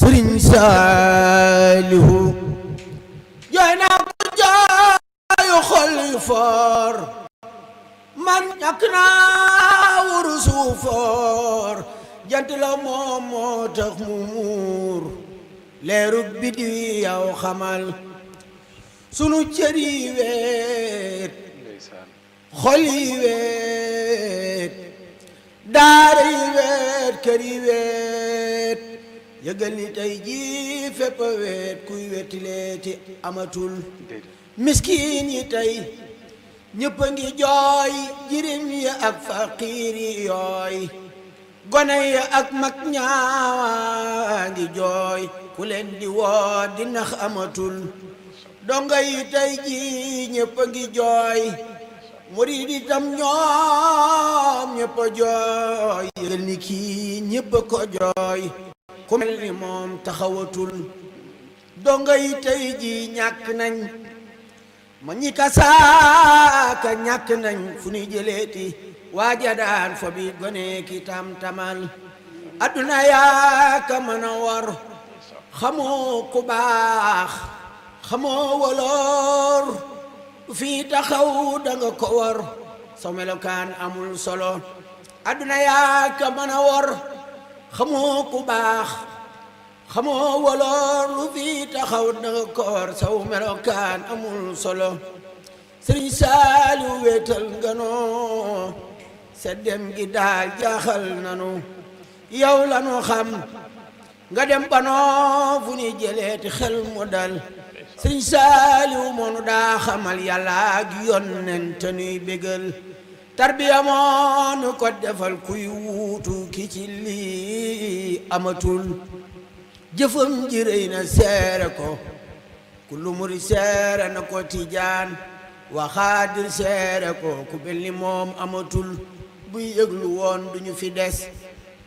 sëriñ Saalihu jooy naa ko jooyu xol yu foor man ñàkk naa wurusu foor jant la moom moo tax mu muur leerub bi di yow xamal sunu cër yi weet xol yi weet daara yi weet kër yi weet yëgal ni tey jii fépp weet kuy wetileeti amatul miskin yi tey ñëpp a ngi jooy jirim yi ak faqiir yi yooy gone yi ak mag ñaawaa jooy ku leen di woo di nax amatul donga yi tey jii ñëpp a ngi jooy murid itam ñoom ñëpp a jooy yëgal ni kii ñëpp a ko jooy ku mel ni moom taxawatul donga yi tey ji ñàkk nañ ma ñi kasaaka ñàkk nañ fu ñuy jëleeti waaja daan fo bi gone ki tam-tamal adduna yaaka mën a war xamoo ku baax xamoo waloor fii taxaw danga ko war sa melokaan amul solo adduna yaaka mën a xamoo ku baax xamoo woloor lu fi taxaw danga koor saw melokaan amul solo sëriñ saaliw wéetal nganoo sa dem gi daal jaaxal nanu yow lanu xam nga dem banoo fu ni jëleeti xel mu dal sëriñ saaliw moonu daa xamal yàlla ak nuy bégal tarbiya moonu ko defal kuy wuutu ki ci li amatul jëfam ji rëy na seere ko ku lumur seere na ko tijaan waxaadir seere ko ku mel moom amatul buy yëglu woon ñu fi des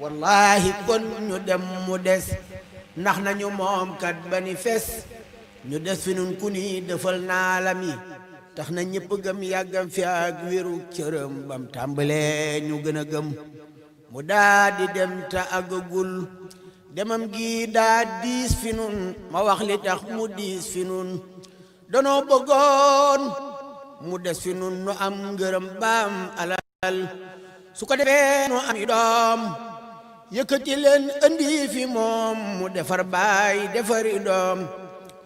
wallahi kon ñu dem mu des ndax nañu moom kat ba ni fes ñu des fi nun ku ni defal naalam yi tax na ñëpp gëm yàggam fi ak wéru cërëm bam tàmbalee ñu gën a gëm mu daa di dem te àggagul demam gi daa diis fi nun ma wax tax mu diis fi nun danoo bëggoon mu des fi nun nu am ngërëm baam alal su ko defee nu am i doom yëkkati leen andi fi moom mu defar baay defari doom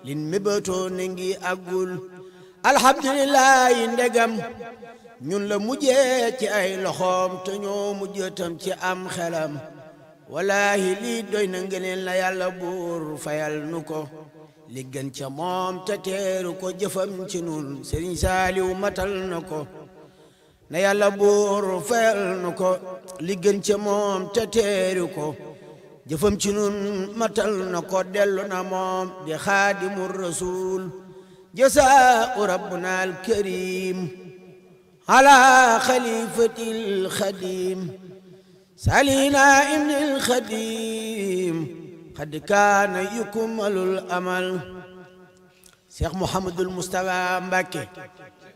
lin mébétoon na ngi àggul alhamdulilahi ndegam ñun la mujjee ci ay loxoom te ñoo mujjatam ci am xelam walaahi lii doy na ngëneel na yàlla buur fayal nu ko ca moom te teeru jëfam ci nun Sëriñ Saaliw matal na yàlla buur fayal nu li gën ca moom te teeru jëfam ci nun matal na ko dellu na moom di xaadimul rasuul jasaau rabbuna alkarim ala xalifati alxadim salina ibni alxadim xad kaana yukmalul amal Cheikh Mouhamadul Moustapha Mbacké